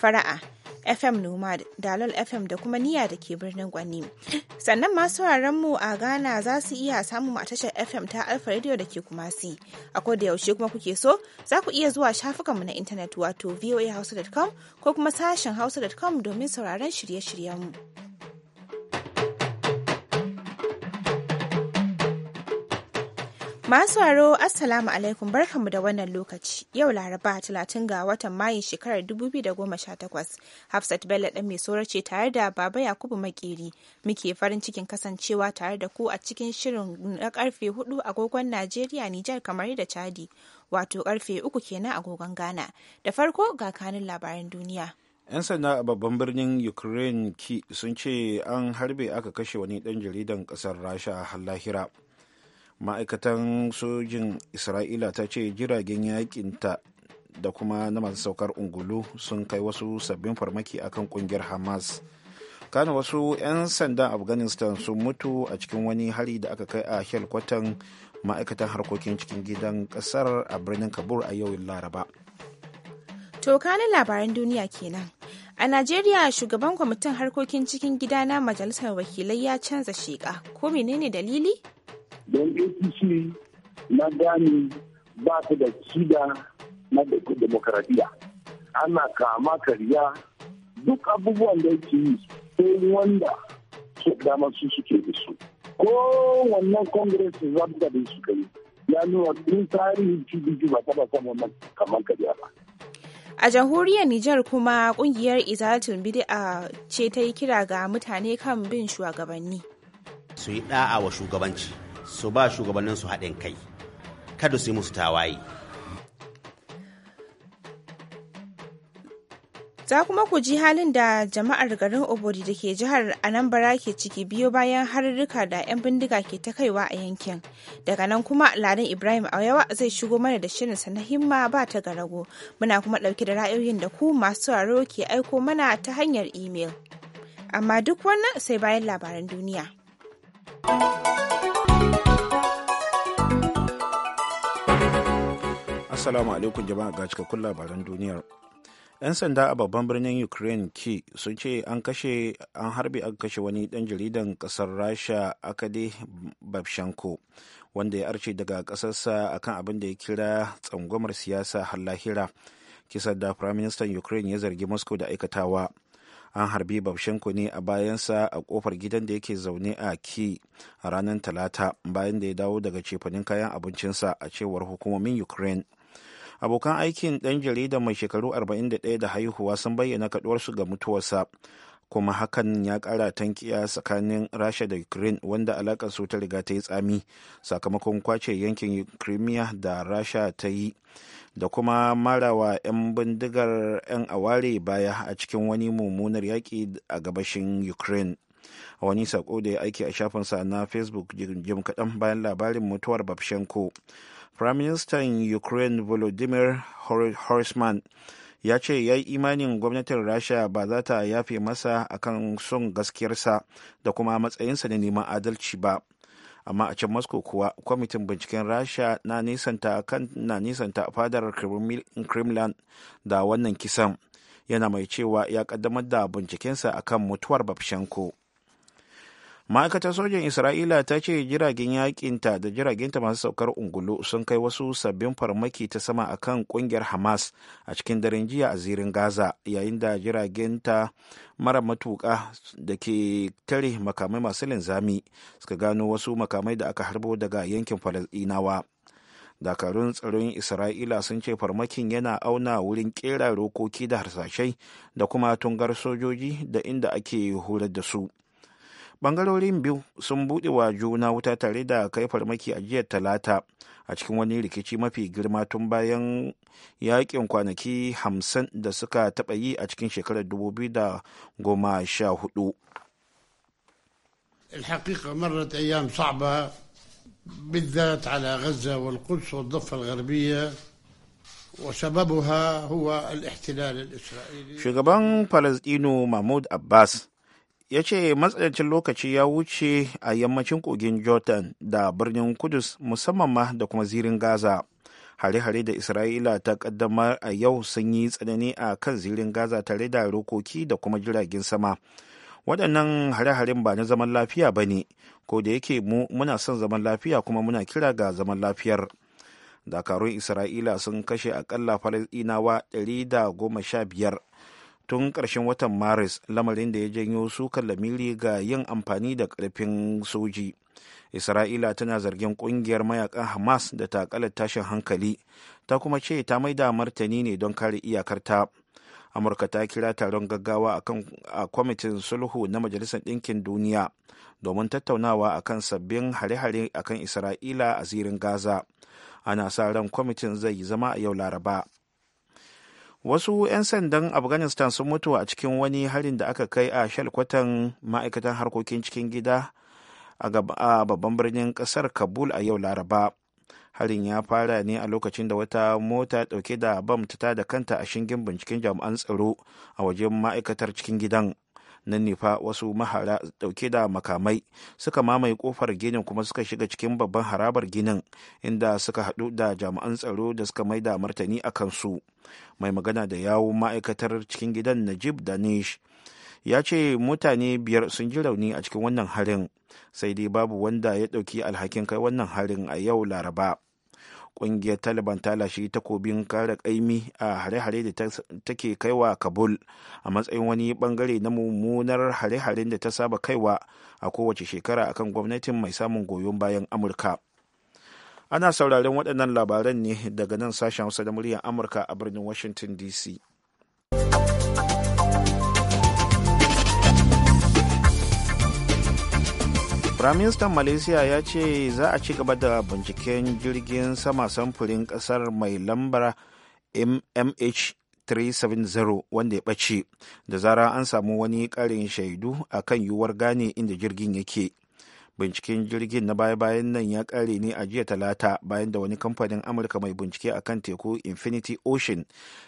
fara'a fm nomad dalol fm da kuma niya da ke birnin gwani sannan masu mu a ghana za su iya samun a tashar fm ta alfa radio da ke kumasi a da yaushe kuma kuke so za ku iya zuwa shafukanmu na intanet wato voahausa.com ko kuma sashen hausa.com domin sauraron shirye-shiryenmu. Masu haro Assalamu alaikum barkanmu da wannan lokaci. Yau Laraba 30 ga watan Mayu shekarar 2018. Hafsat Bello ɗan mai soro ce tare da Baba Yakubu Makeri. Muke farin cikin kasancewa tare da ku a cikin shirin na karfe 4 agogon Najeriya Nijar kamar da Chadi. Wato karfe 3 kenan agogon Ghana. Da farko ga kanin labaran duniya. 'Yan sanda a babban birnin Ukraine sun ce an harbe aka kashe wani ɗan jaridan ƙasar Rasha har lahira. ma'aikatan sojin isra'ila ta ce jiragen ta da kuma na masu saukar ungulu sun kai wasu sabbin farmaki akan kungiyar hamas kana wasu 'yan sandan afghanistan sun mutu a cikin wani hari da aka kai a helkwatan ma'aikatan harkokin cikin gidan kasar a birnin kabul a yau laraba to kanin labaran duniya kenan A Najeriya shugaban kwamitin harkokin cikin gida na majalisar wakilai ya canza sheka ko menene dalili? don apc na gani ba su da shida na demokaradiyya ana kama kariya duk abubuwan da yake yi sai wanda su dama su suke da su ko wannan congress zabda da suka yi ya nuna tun tarihin pdp ba taba samun kamar kariya ba A jamhuriyar Nijar kuma kungiyar Izalatul Bid'a ce ta yi kira ga mutane kan bin shugabanni. Su yi da'a wa shugabanci. su ba shugabannin su haɗin kai kada su yi musu tawaye za kuma ku ji halin da jama'ar garin obodi da ke jihar anambra ke ciki biyo bayan harurruka da 'yan bindiga ke ta kaiwa a yankin daga nan kuma ladan ibrahim ayawa zai shigo mana da shirinsa na himma ba ta garago muna kuma ɗauke da ra'ayoyin da ku masu sauraro ke aiko mana ta hanyar imel amma duk wannan sai bayan labaran duniya. Assalamu alaikum jama'a ga cikakkun labaran duniyar. 'Yan sanda a babban birnin Ukraine ki sun ce an kashe an harbe aka kashe wani ɗan jaridan ƙasar Rasha Akade Babshenko wanda ya arce daga kasarsa akan abin da ya kira tsangwamar siyasa har lahira. Kisar da Firaministan Ukraine ya zargi Moscow da aikatawa. an harbi babshenko ne a bayansa a kofar gidan da yake zaune a ki a ranar talata bayan da ya dawo daga cefanin kayan abincinsa a cewar hukumomin ukraine abokan aikin ɗan jarida mai shekaru 41 da haihuwa sun bayyana kaduwarsu ga mutuwarsa kuma hakan ya ƙara tankiya tsakanin rasha da ukraine wanda alakar su ta riga ta yi tsami sakamakon kwace yankin crimea da rasha ta yi da kuma marawa 'yan bindigar 'yan aware baya a cikin wani mummunar yaƙi a gabashin ukraine a wani sako da ya aiki a shafinsa na facebook jim kaɗan bayan labarin mutuwar babshenko prime minister ukraine volodymyr horseman ya ce ya yi imanin gwamnatin rasha ba za ta yafe masa akan son gaskiyarsa da kuma matsayinsa na neman adalci ba amma a can moscow kuwa kwamitin binciken rasha na nisanta kan na nisanta fadar kremlin da wannan kisan yana mai cewa ya kaddamar da bincikensa akan mutuwar babshenko ma'aikatar sojan isra'ila ta ce jiragen yakinta da jiragenta masu saukar ungulu sun kai wasu sabbin farmaki ta sama akan kungiyar hamas a cikin daren jiya a zirin gaza yayin da jiragenta mara matuka da ke tare makamai masu linzami suka gano wasu makamai da aka harbo daga yankin falasɗinawa dakarun tsaron isra'ila sun ce farmakin yana auna wurin kera rokoki da harsashai da kuma tungar sojoji da inda ake horar da su bangarorin biyu sun buɗe wa juna wuta tare da kai farmaki a jiya talata a cikin wani rikici mafi girma tun bayan yakin kwanaki hamsin da suka taɓa yi a cikin shekarar 2014 الحقيقة مرت أيام صعبة بالذات على غزة والقدس والضفة الغربية وسببها هو الاحتلال الإسرائيلي شغبان فلسطينو محمود ya ce matsanancin lokaci ya wuce a yammacin kogin jordan da birnin kudus musamman ma da kuma zirin gaza hare-hare da isra'ila ta kaddamar a yau sun yi tsanani a kan zirin gaza tare da rokoki da kuma jiragen sama waɗannan hare-haren ba na zaman lafiya ba ne ko da yake mu muna son zaman lafiya kuma muna kira ga zaman lafiyar dakarun isra'ila sun kashe akalla falasɗinawa 115 tun ƙarshen watan maris lamarin da ya janyo sukan lamiri ga yin amfani da ƙarfin soji isra'ila tana zargin ƙungiyar mayakan hamas da takalar tashin hankali ta kuma ce ta maida martani ne don kare iyakarta amurka ta kira taron gaggawa a kwamitin sulhu na majalisar ɗinkin duniya domin tattaunawa akan sabbin hare-hare akan isra'ila a zirin gaza ana sa ran kwamitin zai zama a yau laraba wasu 'yan sandan afghanistan sun mutu a cikin wani harin da aka kai a shalkwatan ma'aikatan harkokin cikin gida a babban birnin kasar kabul a yau laraba harin ya fara ne a lokacin da wata mota dauke da bam ta tada kanta a shingin binciken jami'an tsaro a wajen ma'aikatar cikin gidan nan ne wasu mahara dauke da makamai suka mamaye kofar ginin kuma suka shiga cikin babban harabar ginin inda suka haɗu da jami'an tsaro da suka maida martani a kansu mai magana da yawo ma'aikatar cikin gidan najib danish ya ce mutane biyar sun ji rauni a cikin wannan harin sai dai babu wanda ya ɗauki alhakin kai wannan harin a yau laraba ƙungiyar taliban ta lashe takobin kare ƙaimi a hare-hare da take kaiwa kabul a matsayin wani bangare na mummunar hare-haren da ta saba kaiwa a kowace shekara akan gwamnatin mai samun goyon bayan amurka ana sauraron waɗannan labaran ne daga nan sashen hausa da muryar amurka a birnin washington dc Firaministan Malaysia ya ce za a ci gaba da binciken jirgin sama samfurin kasar mai lambar MH370 wanda ya ɓace da zara an samu wani ƙarin shaidu a kan yiwuwar gane inda jirgin yake. binciken jirgin na baya-bayan nan ya kare ne a jiya talata bayan da wani kamfanin amurka mai bincike a kan teku infinity ocean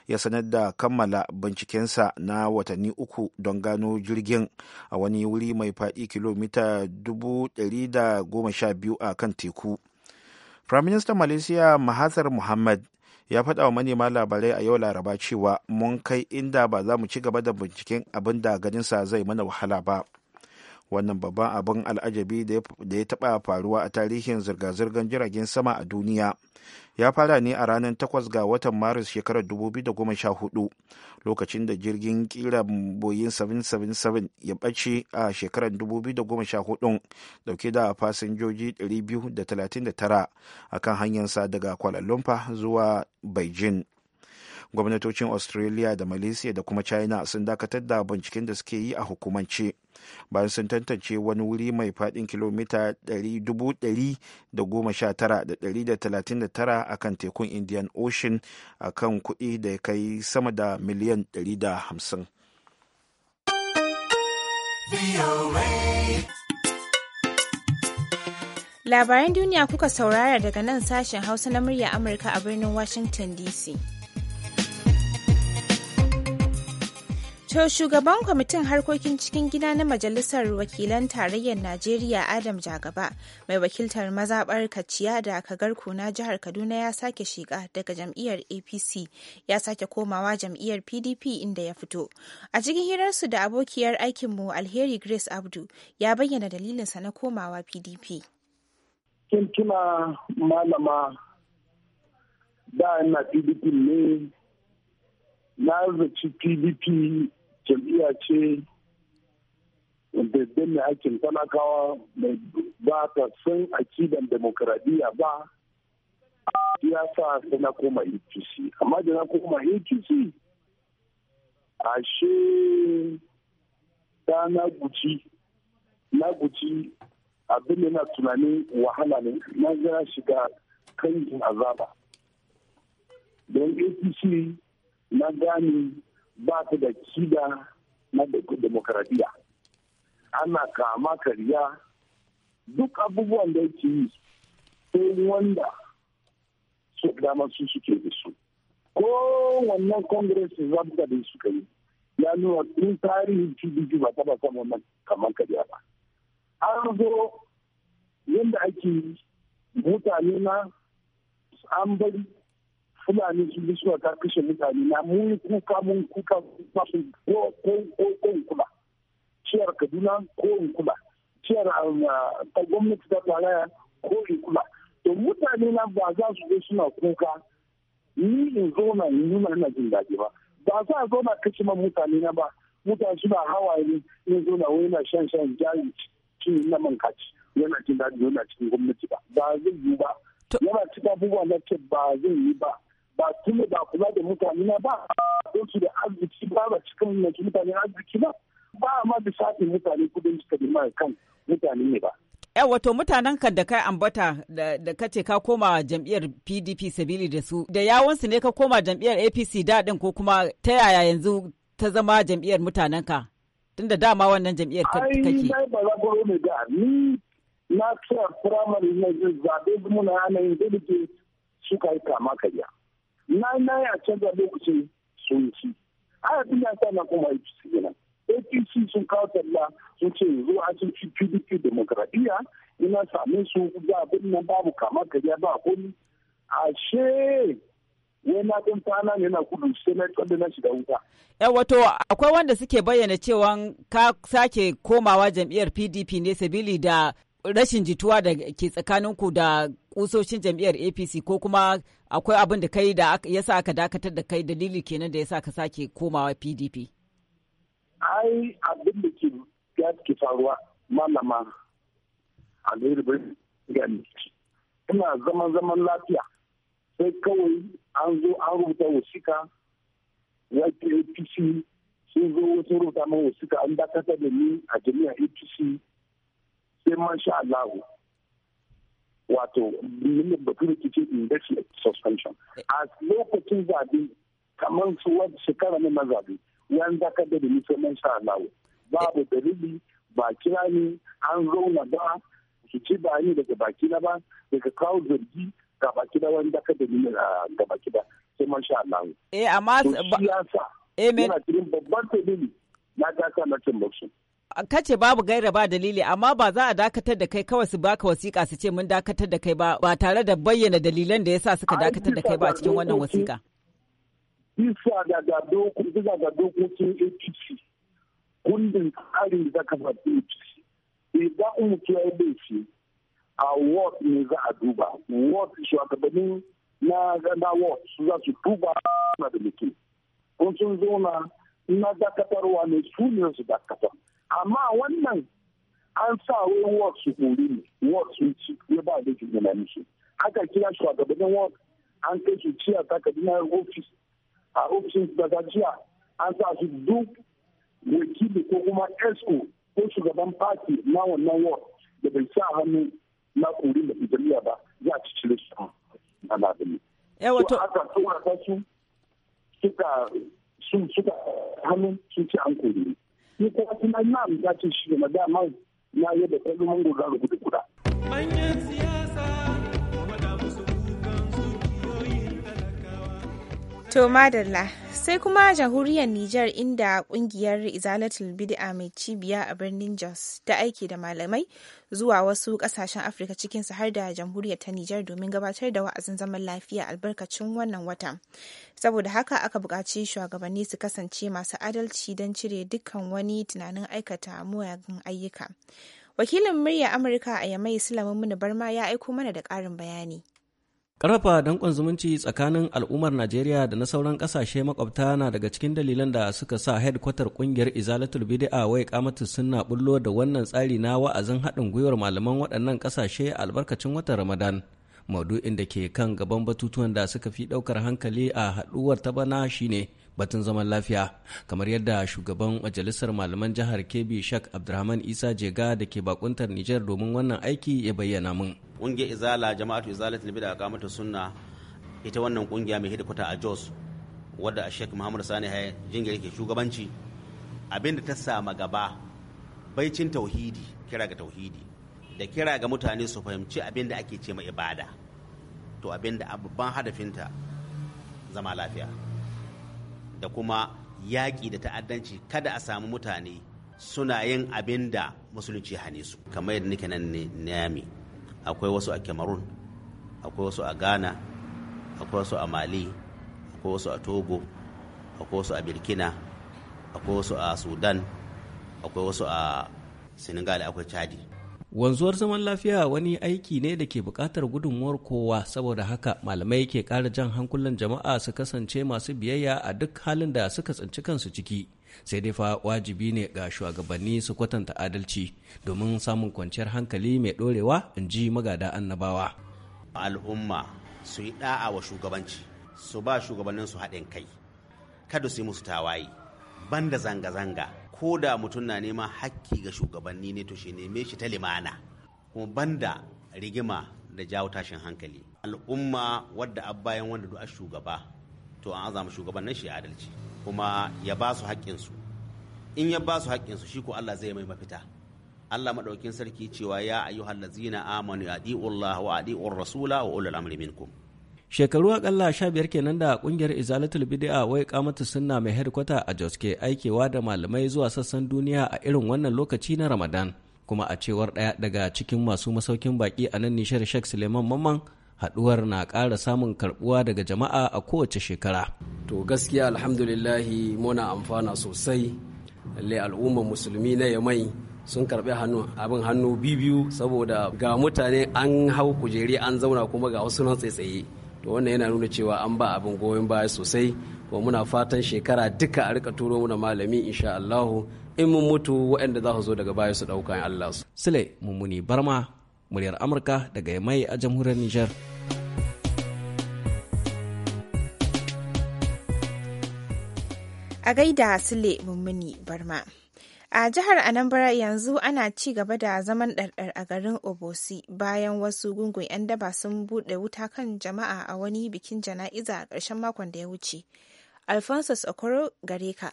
ya sanar da kammala bincikensa na watanni uku don gano jirgin a wani wuri mai faɗi kilomita 112 a kan teku firaministan malaysia mahathir muhammad ya faɗa wa manema labarai a yau laraba cewa mun kai inda ba za mu ci gaba da binciken abin da ganinsa zai mana wahala ba. wannan babban abin al'ajabi da ya taɓa faruwa a tarihin zirga-zirgar jiragen sama a duniya ya fara ne a ranar 8 ga watan maris shekarar 2014 lokacin da jirgin kira boyin 777 ya ɓace a shekarar 2014 dauke da fasinjoji 239 a kan hanyarsa daga kuala lumpur zuwa beijing gwamnatocin australia da malaysia da kuma china sun dakatar da binciken da suke yi a hukumance bayan sun tantance wani wuri mai faɗin kilomita 119,139 a kan tekun indian ocean a kan kuɗi da ya kai sama da miliyan 150 Labaran duniya kuka saurara daga nan sashen Hausa na murya Amurka a birnin Washington DC. To shugaban kwamitin harkokin cikin gida na Majalisar Wakilan Tarayyar Najeriya Adam Jagaba mai wakiltar mazaɓar Kaciya da Kagarku na jihar Kaduna ya sake shiga daga jam'iyyar APC ya sake komawa jam'iyyar PDP inda ya fito. A cikin hirarsu da abokiyar aikinmu Alheri Grace Abdu ya bayyana dalilinsa na komawa PDP. malama da na PDP ne na zaci pdp jam'iyya ce da ne hakin talakawa mai ba ta san akidan demokradiyya ba ya sa sai na koma apc amma da na koma apc ashe ta na guci na guci abin da na tunanin wahala ne na gara shiga kan azaba don apc na gani ba su da kida na demokaradiyya ana kama karya duk abubuwan da yake yi sai wanda su dama su suke da su ko wannan congress zabta da suka yi ya nuna tun tarihin cibiyar ba taba samun nan kamar karya ba an zo yadda ake mutane na an bari fulani sun ji suna ta kashe mutane na mun kuka mun kuka kuka sun ko ko kula ciyar kaduna ko in kula ciyar um, uh, ta gwamnati ta tsaraya ko in kula to mutane na ba za su zo suna kuka ni in zo na in nuna ina jin daɗi ba ba za a zo na kashe man mutane na ba mutane suna hawaye ne in zo na wani na shan shan jari cin na man kaci yana jin daɗi yana cikin gwamnati ba ba zai yi ba yana cikin abubuwa na ce ba zai yi ba ba kuma ba kula da mutane na ba su da arziki ba ba cikin mai mutane arziki ba ba ma da shafin mutane kudin suka da kan mutane ne ba. Ya wato mutanen kan da kai ambata da ka ce ka koma jam'iyyar PDP sabili da su da yawansu ne ka koma jam'iyyar APC daɗin ko kuma ta yaya yanzu ta zama jam'iyyar mutanen ka tun da dama wannan jam'iyyar ka kake. Ai ba za ku ne da ni na tsaya firamare na zabe muna yanayin da suka yi kama karya. na na ya canza lokacin sun ci a abin ya sa na kuma apc yana apc sun kawo talla sun ce yanzu a sun ci pdp demokradiyya ina same su za a nan babu kama gari ba komi ashe wani ɗin tana ne na kudu sai na tsada na shiga wuta. Yan eh, wato akwai wanda suke bayyana cewa ka sake komawa jam'iyyar PDP ne sabili da rashin jituwa da ke tsakanin ku da kusoshin jam'iyyar apc ko kuma akwai abin da kai da ya sa aka dakatar da kai dalili kenan da ya sa ka sake komawa pdp ai abin da ke ya ke faruwa malama a gairin ina zaman zaman lafiya sai kawai an zo an rubuta wasika wata apc sun zo wasu rubuta man wasika an dakatar da ni a jami'a apc sai man sha allahu wato miliyan bature ke ce index suspension eh. a lokacin zabe kamar su wata shekara na zabe yan zaka da da musamman sha Allah babu dalili ba kira ni an zauna ba su ci ba ni daga baki na ba daga kawo zargi ga baki da wani zaka da ga baki da sai man sha Allah eh amma ba ya sa eh babban dalili na daka na cin musu kace babu gaira ba dalili amma ba za a dakatar da kai kawai su baka wasiƙa su ce mun dakatar da kai ba ba tare da bayyana dalilan da yasa suka dakatar da kai ba a cikin wannan wasiƙa. Bisa ga ga dokokin APC kundin tsarin da ka faɗi APC idan mutum ya laifi a ward ne za a duba ward bani na na ward su za su duba na da mutum kun sun zo na dakatarwa ne su ne su dakatar. amma wannan an sa wai ward su kori ne ward sun ci ya ba da na nishi aka kira a gabanin ward an kai su ciya ta kaduna ofis a ofishin daga jiya an sa su duk wakili ko kuma esco ko shugaban party na wannan ward da bai sa hannu na kori da jam'iyya ba ya ci cire su a labari. Yawa to. Aka tura su suka sun sun ci an kori. ni kuma kuma ya ce shi da dama na yadda kallon mangoro da kuɗi kuɗa. To madalla sai kuma jamhuriyar Nijar inda kungiyar Izalatul Bid'a mai cibiya a birnin Jos ta aiki da malamai zuwa wasu kasashen Afirka cikin su har da jamhuriyar ta Nijar domin gabatar da wa'azin zaman lafiya albarkacin wannan watan. Saboda haka aka buƙaci shugabanni su kasance masu adalci don cire dukkan wani tunanin aikata muyagun ayyuka. Wakilin murya Amurka a Yamai Sulaiman Barma ya aiko mana da ƙarin bayani. Ƙarfafa danƙon zumunci tsakanin al'ummar Najeriya da na sauran ƙasashe makwabta na daga cikin dalilan da suka sa hedkwatar ƙungiyar Izalatul Bidi'a wai kamatu suna bullo da wannan tsari na wa'azin haɗin gwiwar malaman waɗannan ƙasashe albarkacin watan Ramadan. Maudu'in da ke kan gaban batutuwan da suka fi ɗaukar hankali a haɗuwar ta bana shine batun zaman lafiya kamar yadda shugaban majalisar malaman jihar kebbi shak abdurrahman isa jega da ke bakuntar nijar domin wannan aiki ya bayyana mun ƙungiyar izala jama'atu izalat nabi da akamata sunna ita wannan ƙungiya mai hidikwata a jos wadda a shek muhammadu sani haya jingar ke shugabanci abinda ta sama gaba baicin tauhidi kira ga tauhidi da kira ga mutane su fahimci abinda ake ce ma ibada to abinda babban hadafinta zama lafiya da kuma yaƙi da ta'addanci kada a samu mutane suna yin abin da musulunci hane su kamar yadda nake nan niyami akwai wasu a cameroon akwai wasu a ghana akwai wasu a mali akwai wasu a togo akwai wasu a burkina akwai wasu a sudan akwai wasu a senegal akwai chadi wanzuwar zaman lafiya wani aiki ne da ke buƙatar gudunmuwar kowa saboda haka malamai ke ƙara jan hankulan jama'a su kasance masu biyayya a duk halin da suka tsinci kansu ciki sai dai fa wajibi ne ga shugabanni su kwatanta adalci domin samun kwanciyar hankali mai ɗorewa in ji magada annabawa al'umma su yi ɗa'a wa shugabanci su ba shugabannin su haɗin kai kada su yi musu tawaye banda zanga-zanga ko da mutum na neman hakki ga shugabanni ne to shi neme shi ta limana kuma banda rigima da jawo tashin hankali al'umma wadda a bayan wanda du'a shugaba to an azama shugaban nan shi adalci kuma ya ba su haƙƙinsu in ya ba su haƙƙinsu shi ko Allah zai mai mafita Allah madaukin sarki cewa ya ayyuhallazina amanu adi'ullaha wa adi'ur rasula wa ulul amri minkum shekaru akalla sha biyar kenan da kungiyar izalatul bid'a wai kamata sunna mai headquarter a jos ke aikewa da malamai zuwa sassan duniya a irin wannan lokaci na ramadan kuma a cewar ɗaya daga cikin masu masaukin baki a nan nishar shek suleiman mamman haɗuwar na kara samun karbuwa daga jama'a a kowace shekara to gaskiya alhamdulillahi muna amfana sosai lalle al'ummar musulmi na yamai sun karbi hannu abin hannu biyu saboda ga mutane an hau kujeri an zauna kuma ga wasu nan tsaitsaye to wannan yana nuna cewa an ba abin goyon baya sosai kuma muna fatan shekara duka a rika turo muna malami insha Allah in mun mutu waɗanda za su zo daga baya su ɗauka in Allah su. Sule Mummuni Barma muryar Amurka daga Yamai a jamhuriyar Nijar. A gaida Sule Mummuni Barma. A jihar Anambra yanzu ana ci gaba da zaman ɗarɗar a garin Obosi bayan wasu gungun 'yan daba sun buɗe wuta kan jama'a a wani bikin jana'iza a ƙarshen makon da ya wuce. Alphonsus Okoro gare ka.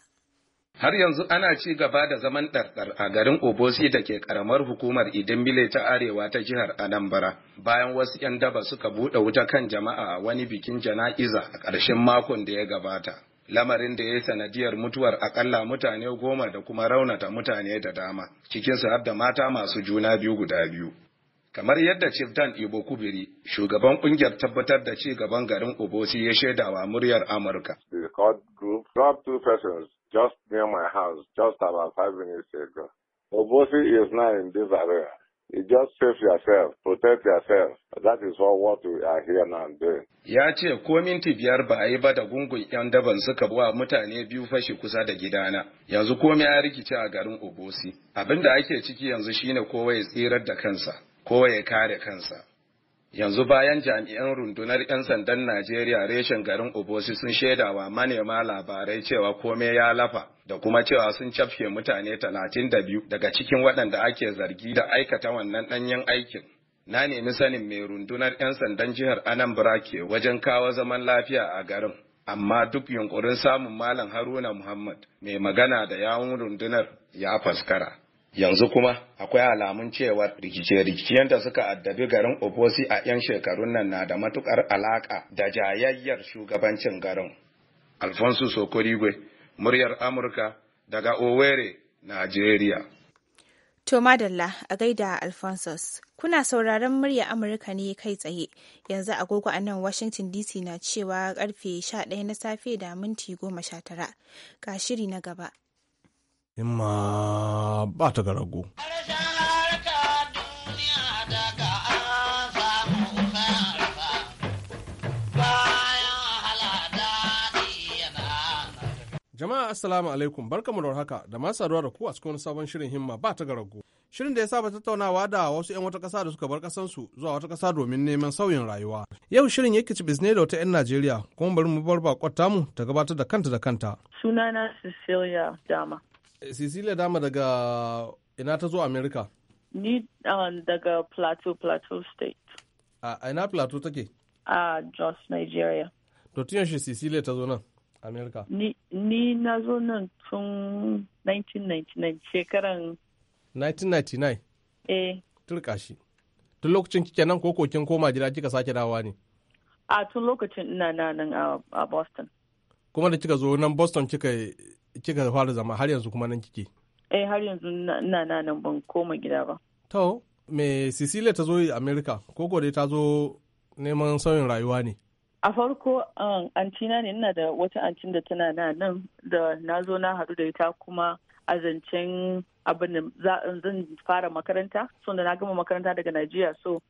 Har yanzu ana ci gaba da zaman ɗarɗar a garin Obosi da ke ƙaramar hukumar Idinbile ta Arewa ta jihar Anambra bayan wasu 'yan daba suka buɗe wuta kan jama'a a wani bikin jana'iza a ƙarshen makon da ya gabata. lamarin da ya yi sanadiyar mutuwar akalla mutane goma da kuma raunata mutane da dama cikinsu har da mata masu juna biyu guda biyu kamar yadda Chiftan Ibo Kubiri, shugaban kungiyar tabbatar da ci gaban garin Obosi ya shaidawa muryar Amurka. The group two persons just near my house just about five minutes ago. Obosi is now in area. You just save yourself, protect yourself. That is all what we are here now doing. Ya ce ko minti biyar ba a yi ba da gungun 'yan daban suka wa mutane biyu fashe kusa da gidana. Yanzu komai ya rikice a garin Obosi. Abin da ake ciki yanzu shine kowa ya tsirar da kansa, kowa ya kare kansa. yanzu bayan jami'an rundunar 'yan sandan Najeriya reshen garin Obosi sun shaidawa manema labarai cewa kome ya lafa da kuma cewa sun cafke mutane 32 daga cikin waɗanda ake zargi da aikata wannan ɗanyen aikin. Na nemi sanin mai rundunar 'yan sandan jihar Anambra ke wajen kawo zaman lafiya a garin. Amma duk yunkurin samun Malam Haruna Muhammad mai magana da yawun rundunar ya faskara. Yanzu kuma akwai alamun cewa rikice-rikicen da suka addabi garin Obosi a 'yan shekarun nan na da matukar alaka da jayayyar shugabancin garin. Alfonso Sokorigwe, muryar Amurka daga Owerri, Najeriya. To madalla a gaida Alphonsus, kuna sauraron murya Amurka ne kai tsaye yanzu agogo a nan Washington DC na cewa karfe 11 na safe da minti 19 ga shiri na gaba. in ma ba ta ga rago. Jama'a Assalamu alaikum barkamu da haka da masu saduwa da ku a cikin sabon shirin himma ba ta garago. Shirin da ya saba tattaunawa da wasu 'yan wata ƙasa da suka bar ƙasansu zuwa wata ƙasa domin neman sauyin rayuwa. Yau shirin yake ci bisne da wata 'yan Najeriya kuma bari mu bar bakon mu ta gabatar da kanta da kanta. Sunana Cecilia Dama. Cecilia Dama daga ina ta zo Amerika? Ni uh, daga Plateau, Plateau State. A ina Plateau take? A Jos, Nigeria. To tun yaushe Cecilia ta zo nan Amerika? Ni na zo nan tun 1999 shekaran. 1999? Eh. Turka shi. Tun lokacin kike nan koko kin koma gida kika sake dawowa ne? A tun lokacin ina nan a Boston. Kuma da kika zo nan Boston kika kika fara zama har yanzu kuma nan kike eh har yanzu na na nan ban koma gida ba to me Cecilia ta zo America ko dai ta zo neman sauyin rayuwa ne a farko um, antina ne ina da wata antin da tana na nan da na zo na haɗu da ita kuma a zancen abin da zan fara makaranta so da na gama makaranta daga Najeriya so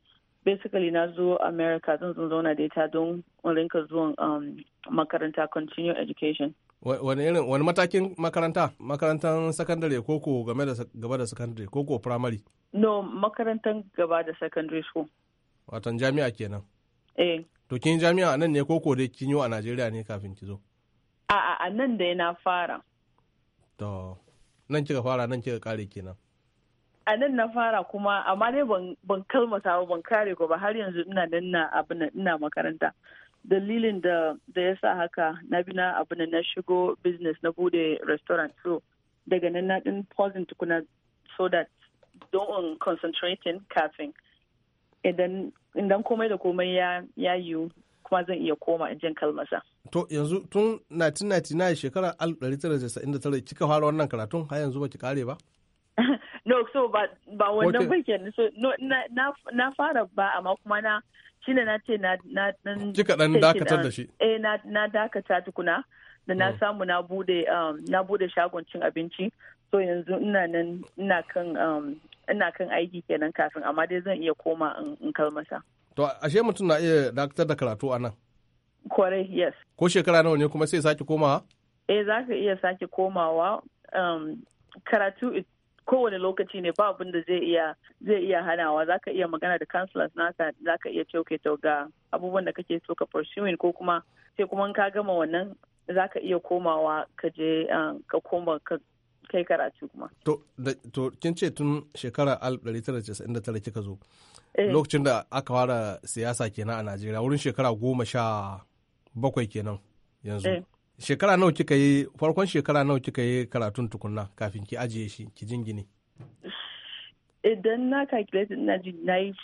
basically na zo America zan zan zauna da ita don rinka zuwan um, makaranta continue education wani irin wani matakin makaranta makarantar sakandare ko game da gaba da sakandare ko primary no makarantar gaba da secondary school watan jami'a kenan eh to kin jami'a nan ne ko ko dai kin yi a Najeriya ne kafin ki zo a a nan da na fara to nan kika fara nan kika kare kenan a nan na fara kuma amma dai ban kalmata ba ban kare ko ba har yanzu ina nan na abin ina makaranta dalilin da da ya sa haka na bi na abu na shigo business na bude restaurant so daga nan na din pausing tukuna so that don concentrating kafin idan idan komai da komai ya ya yiwu kuma zan iya koma in jin kalmasa. To yanzu tun 1999 shekarar 1999 kika fara wannan karatun har yanzu ki kare ba? no so ba ba wannan bai kenan so no, na, na, na fara ba amma kuma na shine na ce na dan kika dan dakatar da shi eh na na dakata tukuna da na oh. samu na bude um, na bude shagon cin abinci so yanzu ina nan ina kan um, ina kan aiki kenan kafin amma dai zan iya koma in kalmasa to ashe mutum na iya dakatar da karatu a nan kwarai yes ko shekara nawa ne kuma sai sake komawa eh za ka iya sake komawa um, karatu kowane lokaci ne ba abin zai iya zai iya hanawa zaka iya magana da counselors naka ka iya cewa to ga abubuwan da kake so ka pursuing ko kuma sai kuma ka gama wannan zaka iya komawa ka je ah, ka koma ka kai karatu kuma to kin ce tun shekara 1999 kika zo eh. lokacin da aka fara siyasa kenan a Najeriya wurin shekara goma sha bakwai kenan yanzu eh. shekara nawa kika yi farkon shekara nawa kika yi karatun tukunna kafin ki ajiye shi ki jingine idan na calculate ina ji na yi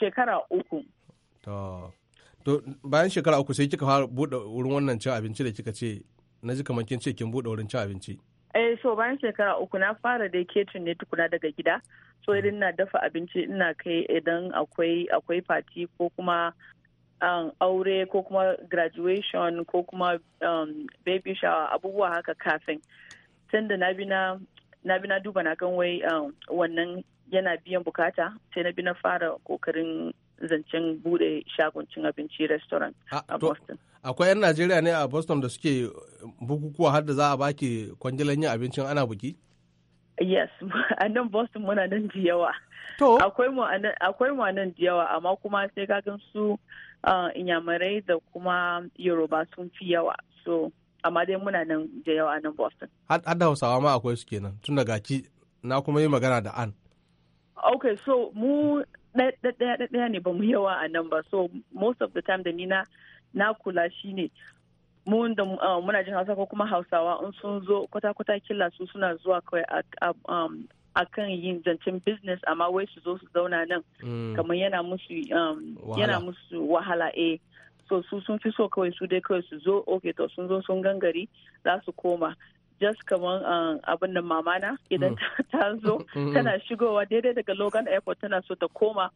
shekara uku to to bayan shekara uku sai kika fara bude wurin wannan cin abinci da kika ce na ji kamar kin ce kin bude wurin cin abinci eh so bayan shekara uku na fara dai ketin ne tukuna daga gida so irin na dafa abinci ina kai idan akwai akwai fati ko kuma um, aure ko kuma graduation ko kuma um, baby shower abubuwa haka kafin tunda na bi na bi na duba na kan wai um, wannan yana biyan bukata sai na bi na fara kokarin zancen bude shagon cin abinci restaurant a Boston. Akwai 'yan Najeriya ne a Boston da suke bukukuwa har da za a baki kwangilan yin abincin ana buki? Yes, a nan Boston muna nan da yawa. To. Akwai mu nan da yawa amma kuma sai ka gan su ah, inyamurai da kuma Yoruba sun fi yawa. So amma dai muna nan da yawa nan Boston. Har da Hausawa ma akwai su kenan tun daga gaci na kuma yi magana da an. Ok so mu ɗaya ne ba mu yawa a nan ba so most of the time da ni na na kula ne. mun da ah, muna jin hausa ko kuma hausawa in sun zo kwata-kwata killa su suna zuwa kawai um, akan yin zancen business amma wai su zo su zauna nan mm. kamar yana musu um, yana musu wahala eh so su sun fi so kawai su dai kawai su zo ok to sun zo sun gangari za su koma just kamar um, abin da mamana idan mm. ta zo mm. tana shigowa daidai daga logan airport tana so ta koma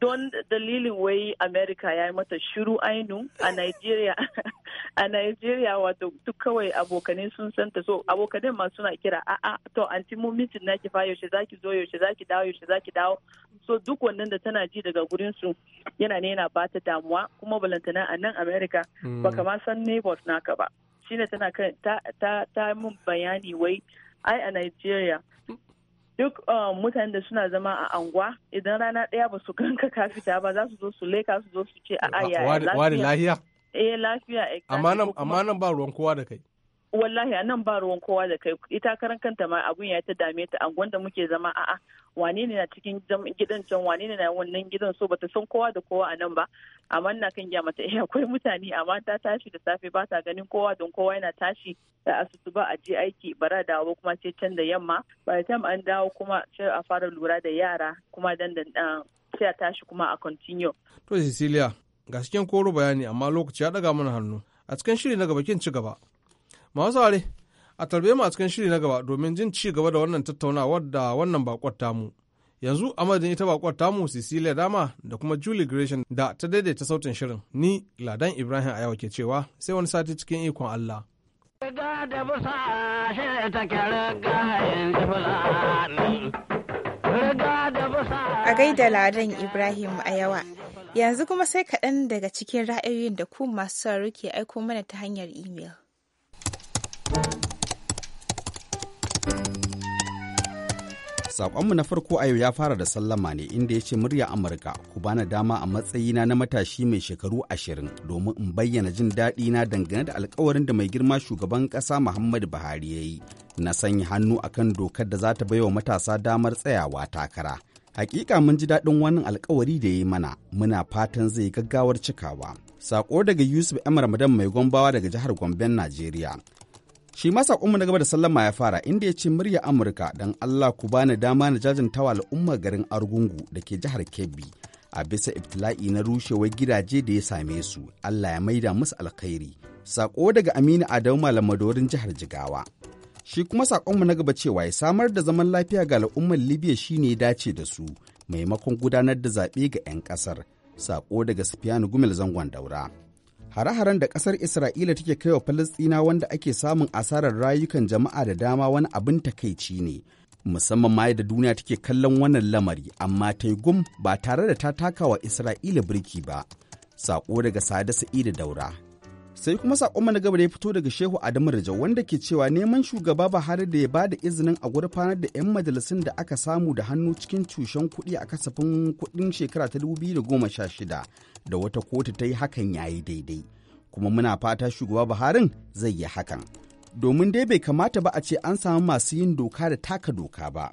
don dalilin wai america ya yi mata shiru ainu a nigeria a nigeria wato duk kawai abokanai sun santa so abokanai ma suna kira a'a to anti mintin na ki fa yaushe zaki zo yaushe zaki dawo yaushe zaki dawo so duk wannan da tana ji daga gurin su yana ne yana bata damuwa kuma balantana a nan america hmm. baka ma san neighbors naka ba shine tana ta ta ta mun bayani wai ai a nigeria duk uh, mutanen da suna zama a anguwa idan rana ɗaya ba su ganka ka fita ba za su zo su leka su zo su ce a aya lafiya. Eh lafiya. Amma nan ba ruwan kowa da kai. wallahi a nan ba ruwan kowa da kai ita karan kanta ma abun ya ta dame ta a da muke zama a wane ne na cikin gidan can wane ne na wannan gidan so bata san kowa da kowa a nan ba amma ina kan gya mata eh akwai mutane amma ta tashi da safe ba ta ganin kowa don kowa yana tashi da asusu ba a je aiki bara dawo kuma ce can da yamma ba da an dawo kuma sai a fara lura da yara kuma dan sai a tashi kuma a continue to Cecilia gaskiyan koro bayani amma lokaci ya daga mana hannu a cikin shiri na gaba kin ci gaba Masu ware, a tarbe mu a cikin shiri na gaba domin jin ci gaba da wannan tattaunawar da wannan bakwar tamu. Yanzu a madadin ita bakwar tamu Cecilia Dama da kuma Julie Gresham da ta daidaita sautin shirin. Ni Ladan Ibrahim a yau ke cewa sai wani sati cikin ikon Allah. a gaida ladan Ibrahim a yawa. Yanzu kuma sai kaɗan daga cikin ra'ayoyin da ku masu sauraro ke aiko mana ta hanyar imel. Saƙonmu na farko a yau ya fara da sallama ne inda ya ce murya Amurka ku bana dama a matsayina na matashi mai shekaru ashirin domin in bayyana jin daɗi na dangane da alkawarin da mai girma shugaban ƙasa Muhammadu Buhari ya yi na sanya hannu akan dokar da za ta baiwa matasa damar tsayawa takara. Hakika mun ji daɗin wannan alkawari da ya yi mana muna fatan zai gaggawar cikawa. Sako daga Yusuf M. Ramadan mai gombawa daga jihar Gomben, Najeriya. Shi ma mu na gaba da sallama ya fara inda ya ce murya Amurka don Allah ku bani dama na jajantawa al'ummar garin Argungu da ke jihar Kebbi a bisa ibtila'i na rushewar gidaje da ya same su. Allah ya maida musu alkhairi. Saƙo daga Aminu Adamu Malam Madorin jihar Jigawa. Shi kuma sakon mu na gaba cewa ya samar da zaman lafiya ga al'ummar Libya shine dace da su maimakon gudanar da zaɓe ga 'yan ƙasar. Saƙo daga Sufiyanu Gumel Zangon Daura. Hare-haren da ƙasar Isra'ila take kaiwa Falasɗina wanda ake samun asarar rayukan jama'a da dama wani abin takaici ne, musamman ma da duniya take kallon wannan lamari, amma ta yi gum ba tare da ta taka wa Isra'ila birki ba. Saƙo daga Sada Sa'idu Daura, sai kuma sakon na gaba da ya fito daga shehu adamu rajo wanda ke cewa neman shugaba buhari da ya ba da izinin a gurfanar da 'yan majalisun da aka samu da hannu cikin cushen kuɗi a kasafin kuɗin shekara ta 2016 da wata kotu ta yi hakan ya yi daidai kuma muna fata shugaba buharin zai yi hakan domin dai bai kamata ba a ce an samu masu yin doka da taka doka ba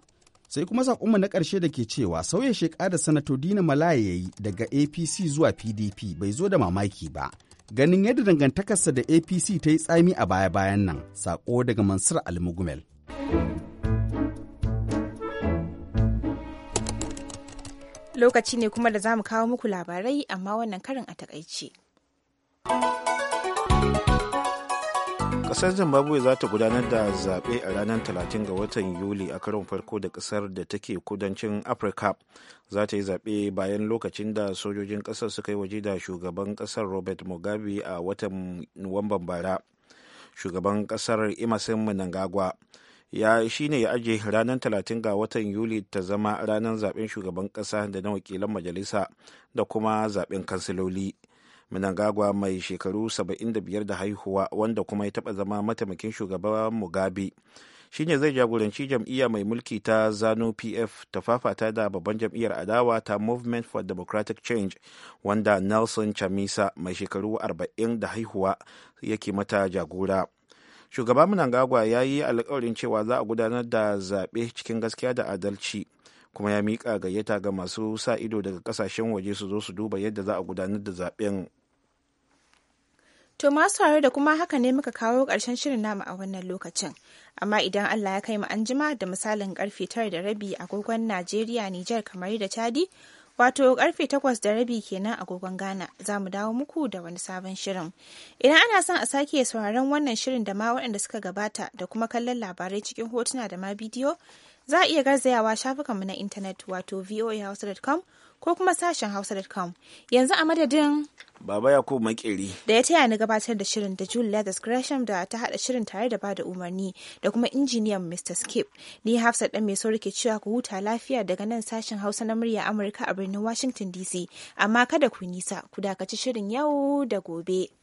sai kuma sakonmu na karshe da ke cewa sauya shekara da sanato dina malaya yayi daga apc zuwa pdp bai zo da mamaki ba ganin yadda dangantakarsa da apc ta yi tsami a baya-bayan nan sako daga mansur almugumel lokaci ne kuma da za mu kawo muku labarai amma wannan karin a takaice. kasar zimbabwe za ta gudanar da zaɓe a ranar 30 ga watan yuli a karon farko da kasar da take kudancin afirka za ta yi zaɓe bayan lokacin da sojojin ƙasar suka yi waje da shugaban ƙasar robert mugabe a watan nuwamban bara shugaban ƙasar emerson mnangagwa ya shi ne ya ajiye ranar 30 ga watan yuli ta zama ranar zaɓen shugaban ƙasa da na wakilan majalisa da kuma zaɓen kansiloli Mnangagwa mai shekaru 75 da haihuwa wanda kuma ya taɓa zama mataimakin shugaban Mugabe. Shi ne zai jagoranci jam'iyya mai mulki ta Zanu PF ta fafata da babban jam'iyyar adawa ta Movement for Democratic Change wanda Nelson Chamisa mai shekaru 40 da haihuwa yake mata jagora. Shugaba Mnangagwa ya yi alkawarin cewa za a gudanar da zaɓe cikin gaskiya da adalci. kuma ya miƙa gayyata ga masu sa ido daga ƙasashen waje su zo su duba yadda za a gudanar da zaɓen. To masu sauraro da kuma haka ne muka kawo ƙarshen shirin namu a wannan lokacin. Amma idan Allah ya kai mu anjima da misalin karfe tara da rabi agogon Najeriya, Nijar, kamar da Chadi, wato karfe takwas da rabi kenan agogon Ghana za mu dawo muku da wani sabon shirin. Idan ana son a sake sauraron wannan shirin da ma waɗanda suka gabata da kuma kallon labarai cikin hotuna da ma bidiyo, za a iya garzayawa shafukanmu na intanet wato voahausa.com ko kuma sashen hausa.com yanzu a madadin Baba Yakubu Makeri. Da ya taya ni gabatar da shirin da Julia Discretion da ta hada shirin tare da bada umarni da kuma injiniyan Mr. Skip. Ni Hafsat dan mai so ke cewa ku huta lafiya daga nan sashen Hausa na murya Amurka a birnin Washington DC. Amma kada ku nisa, ku dakaci shirin yau da gobe.